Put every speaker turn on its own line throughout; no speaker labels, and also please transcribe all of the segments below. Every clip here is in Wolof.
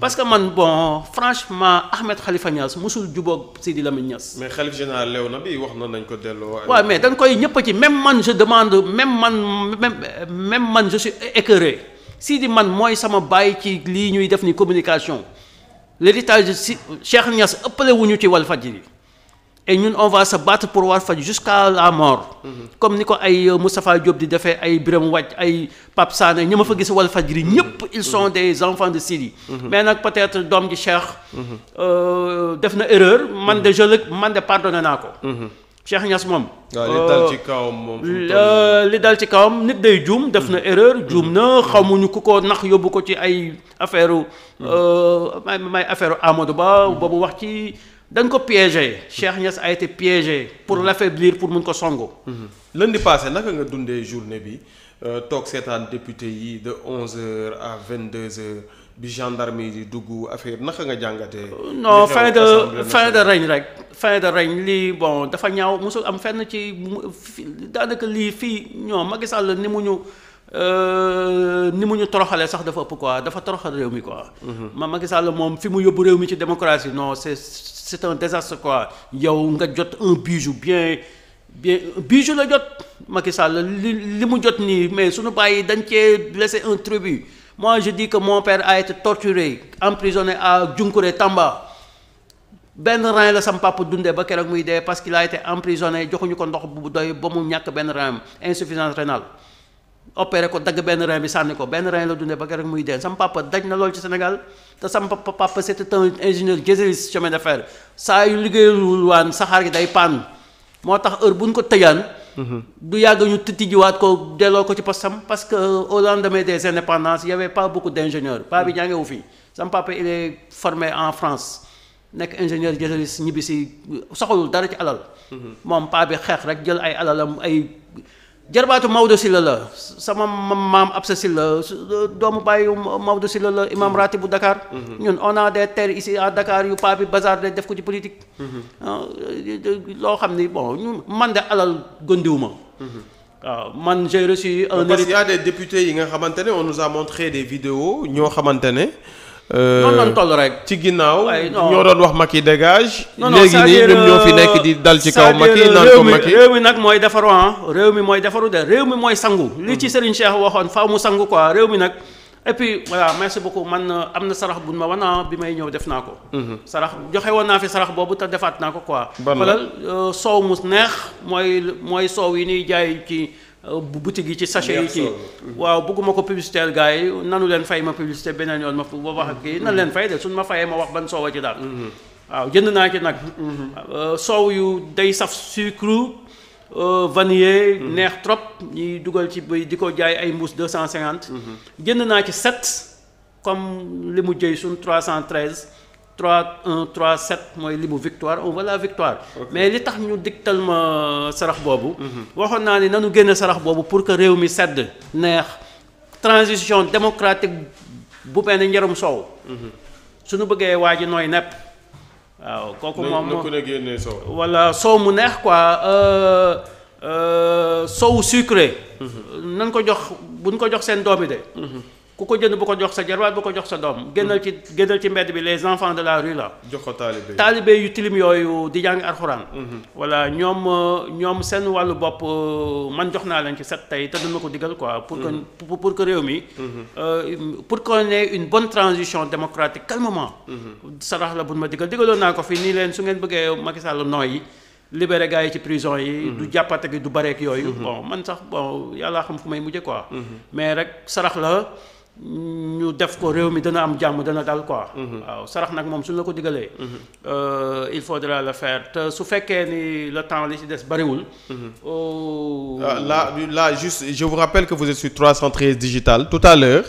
parce que man bon franchement Ahmed Khalifa Niass mosul jubook jubóog Sidi Lamine Niass. mais xalif
général lew na bi wax na nañ ko delloo. waaw
mais dañ koy ñëpp ci même man je demande même man même même man je suis sii di man mooy sama bàyyi ci lii ñuy def ni communication l'héritage si Cheikh Niass ëppale wuñu ci Walfadjri et ñun on va se battre pour Walfadjri jusqu'à la mort. comme ni ko ay euh, Moustapha Diop di defee ay Birame Wathie ay Pape Sané ñi ma fa gis Walfadjri ñëpp ils sont des enfants de Sidi. mais nag peut doom ji Cheikh. Euh, def na erreur man de je man de pardonné naa ko. Cheikh Niass moom. li dal ci euh,
kawam
li dal ci kawam nit day juum def na erreur juum na xamuñu ku ko nax yóbbu ko ci ay affaire may may affaire Amadou Ba boobu wax ci. dañ ko piégé Cheikh Niass a été
piégé pour mmh. l'affaiblir pour mun ko songu. Mhm. lundi passé naka nga dundee journée bi euh, toog seetaan député yi de onze heures à vingt deux heures bi gendarmerie di dugg affaire naka nga jàngatee. non fin de fin de
règne rek. fin de règne lii bon dafa ñaaw mosul am fenn ci daanaka lii fii ñoo Macky Sall ni mu ñu. Euh, ni mu ñu toroxalee sax dafa ëpp quoi dafa toroxal réew mi quoi. ma Macky Sall moom fi mu yóbbu réew mi ci démocratie non c'est c'est un désastre quoi yow nga jot un bijou bien bien bijou la jot Macky Sall li li mu jot nii mais suñu bàyyi dañ cee laisser un tribut moi je dis que mon père a été torturé emprisonné à Djunkuré Tamba. benn rein la sam papa dundee ba keroog muy dee parce qu'il a été emprisonné joxuñu ko ndox bu doy ba mu ñàkk benn rein insuffisance rénale opéré ko dagg benn rein bi sànni ko benn rein la dundee ba rek muy dee sam papa daj na loolu ci Sénégal te sam papa papa c'était un ingénieur généraliste chemin de fer saa yu liggéeyul waan saxaar gi day panne moo tax heure bu ñu ko tëjaan. Mhm. du yàgg ñu tijjiwaat ko delloo ko ci postam parce que euh, au lendemain des indépendances y avait pas beaucoup d'ingénieurs paa bi mhm. jàngewu fi sam il est formé en France nekk ingénieur généraliste ñibbi si soxalul dara ci alal. Mhm. moom paa bi xeex rek jël ay alalam ay. jarbaatu Maodo Sylla la sama maam Absa Sylla doomu bàyyu Maodo Sylla la imam mm-hmm. ratib bu Dakar. Mm-hmm. ñun on a des terres ici à Dakar yu paa bi bazardé def ko ci politique. Mm-hmm. Ah,
loo xam ni bon ñu man de alal gondiwuma waaw ah, man j'ai reçu un. parce qu'il y a des députés yi nga xamante ne on nous a montré des vidéos ñoo xamante ne. Euh, noonu lañ toll rek. ci ginnaaw ñoo doon wax Macky dégage. non non léegi nii ñoom fi nekk euh, di dal ci kaw Macky naan ko Macky réew
mi nag mooy defaru ah réew mi mooy de réew mooy sangu. li ci mm-hmm. Serigne Cheikh waxoon faaw mu sangu quoi réew mi nag. et puis voilà merci beaucoup man euh, am na sarax bu ma wan ah. bi may ñëw def naa ko. Mm-hmm. sarax joxe woon naa fi sarax boobu te defaat naa ko ko ban la xoolal soow mu neex mooy mooy soow yi ñuy jaay ci. Euh, boutique yi ci sachet yi ci waaw bëgguma ko publicitaire gars yi nanu leen fay ma publicité beneen yoon ma ba wax kii nan leen fay de suñ ma fayee ma wax ban soowa ci daal mm-hmm. waaw jënd naa ci nag mm-hmm. euh, soow yu day saf sucre euh, vanillé mm-hmm. neex trop ñuy dugal ci bay di ko jaay ay mbuus deux cent cinquante jënd naa ci sept comme li mu jëy suñ trois cent treize 3 1 3 mooy limu victoire on walla la victoire. mais li tax ñu digtal ma sarax boobu. Mhm. waxoon naa ni nanu génne sarax boobu pour que réew mi sedd. neex transition démocratique bu benn njarum soow. Mhm. suñu bëggee waa ji nooy nepp. waaw kooku moom na ku soow. mu neex quoi euh, euh, soow sucré. Mhm. nan ko jox buñ ko jox seen doomi de. ku ko jënd bu ko jox sa jarwaat bu doom génnal ci génnal ci mbedd bi les enfants de la rue la
jox yu
tilim yooyu di jàng alxuraan mhm. voilà ñoom euh, ñoom seen wàllu bopp euh, man jox naa leen ci set tey te duma ko digal quoi pour que mhm. pour que réew mi mhm. euh, pour qu'on ait une bonne transition démocratique calmement sarax la bu ma digal digaloon naa ko fi nii leen su ngeen bëggee Macky Sall nooy libéré gars yi ci prison yi. du jàppate gi du bareek yooyu. bon man sax bon yàllaa xam fu may mujje ñu def ko réew mi dana am jàmm dana dal quoi. Mhm. waaw sarax nag moom suñ la ko digalee. Mhm. Euh, il faut faudra le faire te su fekkee ni le temps li ci des bariwul.
Mhm. Oh. Ah, là là juste je vous rappelle que vous êtes sur digital tout à l'heure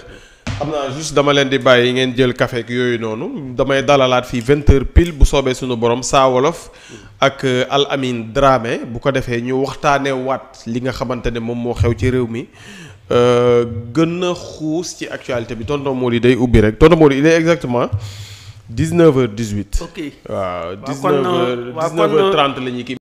xam naa juste dama leen di bàyyi ngeen jël kafeek yooyu noonu damay dalalaat fii vingt heures pile bu soobee suñu borom saa wolof ak euh, Al Amine Dramé bu ko defee ñu waxtaanee waat li nga xamante ne moom moo xew ci réew mi Euh, gën a xuus ci actualité bi tonton Mody day ubbi rek tonton Mody il est exactement 19h18. ok waaw 19h euh, 19h30 euh, la ñuy kii.